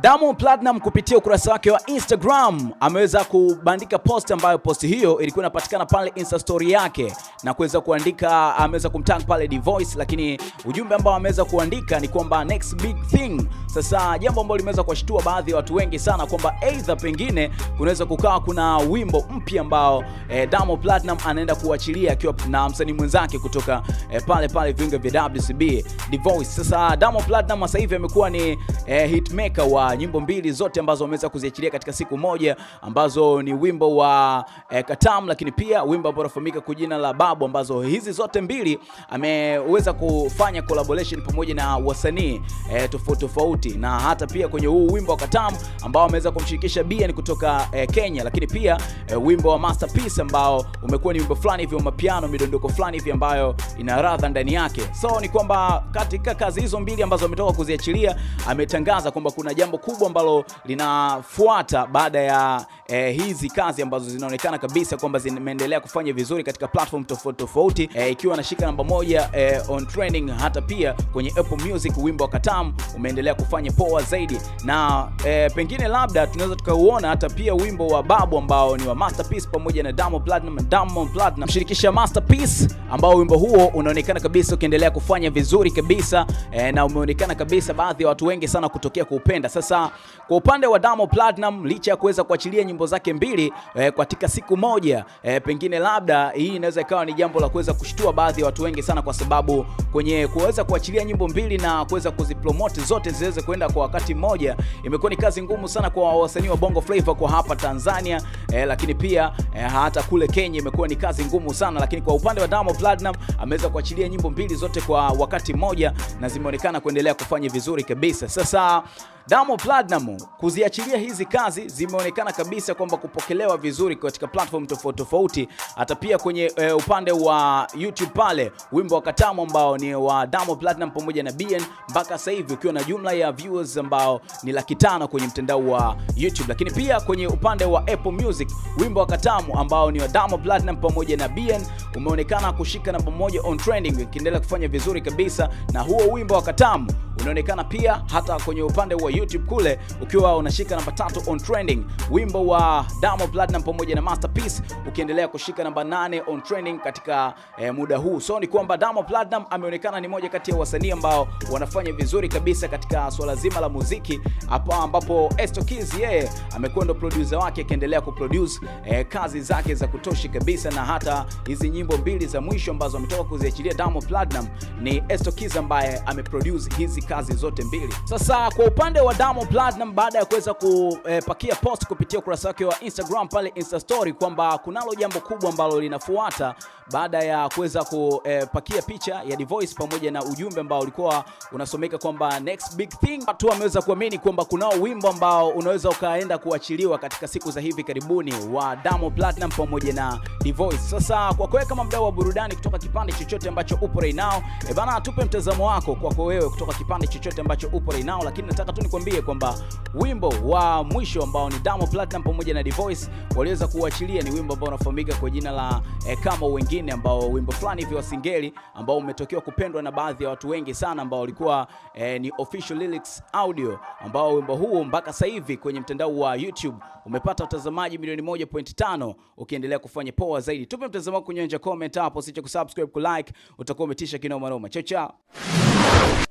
Diamond Platinum kupitia ukurasa wake wa Instagram ameweza kubandika post ambayo post hiyo ilikuwa inapatikana pale Insta story yake na kuweza kuandika, ameweza kumtag pale Dvoice, lakini ujumbe ambao ameweza kuandika ni kwamba next big thing. Sasa jambo ambalo limeweza kuwashtua baadhi ya watu wengi sana kwamba either pengine kunaweza kukawa kuna wimbo mpya ambao eh, Diamond Platinum anaenda kuachilia akiwa na msanii mwenzake kutoka eh, pale pale viunga vya WCB Dvoice. Sasa Diamond Platinum sasa hivi amekuwa ni eh, hitmaker wa nyimbo mbili zote ambazo wameweza kuziachilia katika siku moja ambazo ni wimbo wa e, Katam, lakini pia wimbo ambao unafahamika kwa jina la Babu, ambazo hizi zote mbili ameweza kufanya collaboration pamoja na wasanii e, tofauti tofauti, na hata pia kwenye huu wimbo wa Katam ambao ameweza kumshirikisha Bien kutoka e, Kenya, lakini pia e, wimbo wa Masterpiece ambao umekuwa ni wimbo fulani hivi wa mapiano, midondoko fulani hivi ambayo ina radha ndani yake. So ni kwamba katika kazi hizo mbili ambazo ametoka kuziachilia ametangaza kwamba kuna jambo jambo kubwa ambalo linafuata baada ya e, hizi kazi ambazo zinaonekana kabisa kwamba zimeendelea kufanya vizuri katika platform tofauti tofauti, e, ikiwa anashika namba moja e, on trending, hata pia kwenye Apple Music wimbo wa Katam umeendelea kufanya poa zaidi, na e, pengine labda tunaweza tukauona hata pia wimbo wa Babu ambao ni wa Masterpiece pamoja na Diamond Platinum, Diamond Platinum shirikisha Masterpiece, ambao wimbo huo unaonekana kabisa ukiendelea kufanya vizuri kabisa e, na umeonekana kabisa baadhi ya watu wengi sana kutokea kuupenda. Sasa kwa upande wa Diamond Platinum licha ya kuweza kuachilia nyimbo zake mbili eh, katika siku moja eh, pengine labda hii inaweza ikawa ni jambo la kuweza kushtua baadhi ya watu wengi sana, kwa sababu kwenye kuweza kuachilia nyimbo mbili na kuweza kuzipromote zote ziweze kwenda kwa wakati mmoja imekuwa ni kazi ngumu sana kwa wasanii wa Bongo Flava kwa hapa Tanzania eh, lakini pia eh, hata kule Kenya imekuwa ni kazi ngumu sana, lakini kwa upande wa Diamond Platnumz ameweza kuachilia nyimbo mbili zote kwa wakati mmoja na zimeonekana kuendelea kufanya vizuri kabisa. Sasa Diamond Platinum kuziachilia hizi kazi zimeonekana kabisa kwamba kupokelewa vizuri katika platform tofauti tofauti, hata pia kwenye e, upande wa YouTube pale wimbo wa Katamu ambao ni wa Diamond Platinum pamoja na BN, mpaka sasa hivi ukiwa na jumla ya viewers ambao ni laki tano kwenye mtandao wa YouTube. Lakini pia kwenye upande wa Apple Music wimbo wa Katamu ambao ni wa Diamond Platinum pamoja na BN umeonekana kushika namba moja on trending, ukiendelea kufanya vizuri kabisa, na huo wimbo wa Katamu unaonekana pia hata kwenye upande wa YouTube kule ukiwa unashika namba tatu on trending, wimbo wa Diamond Platinum pamoja na Masterpiece ukiendelea kushika namba nane on trending katika eh, muda huu. So ni kwamba Diamond Platinum ameonekana ni moja kati ya wasanii ambao wanafanya vizuri kabisa katika swala zima la muziki hapa, ambapo Estokiz yeye amekuwa ndo producer wake akiendelea kuproduce eh, kazi zake za kutoshi kabisa, na hata hizi nyimbo mbili za mwisho ambazo ametoka kuziachilia Diamond Platinum ni Estokiz ambaye ameproduce hizi kazi zote mbili. Sasa kwa upande wa Diamond Platinum baada ya kuweza kupakia post kupitia ukurasa wake wa Instagram pale Insta story kwamba kunalo jambo kubwa ambalo linafuata baada ya kuweza kupakia picha ya Divoice pamoja na ujumbe ambao ulikuwa unasomeka kwamba next big thing. Watu wameweza kuamini kwamba kunao wimbo ambao unaweza ukaenda kuachiliwa katika siku za hivi karibuni wa Diamond Platinum pamoja na Divoice. Sasa kwa kwako kama mdau wa burudani kutoka kipande chochote ambacho upo right now, e bana, tupe mtazamo wako kwa wewe kutoka kipande chochote ambacho upo right now, lakini nataka tu nikwambie kwamba wimbo wa mwisho ambao ni Damo Platinum pamoja na D'Voice waliweza kuachilia ni wimbo ambao unafahamika kwa jina la e, kama wengine, ambao wimbo fulani hivi wa singeli ambao umetokewa kupendwa na baadhi ya watu wengi sana ambao walikuwa e, ni official lyrics audio, ambao wimbo huu mpaka sasa hivi kwenye mtandao wa YouTube umepata watazamaji milioni 1.5 ukiendelea kufanya poa zaidi. Tupe mtazamo wako kunyonja comment hapo, usiache kusubscribe, kulike, utakuwa umetisha kinoma noma. Chao chao.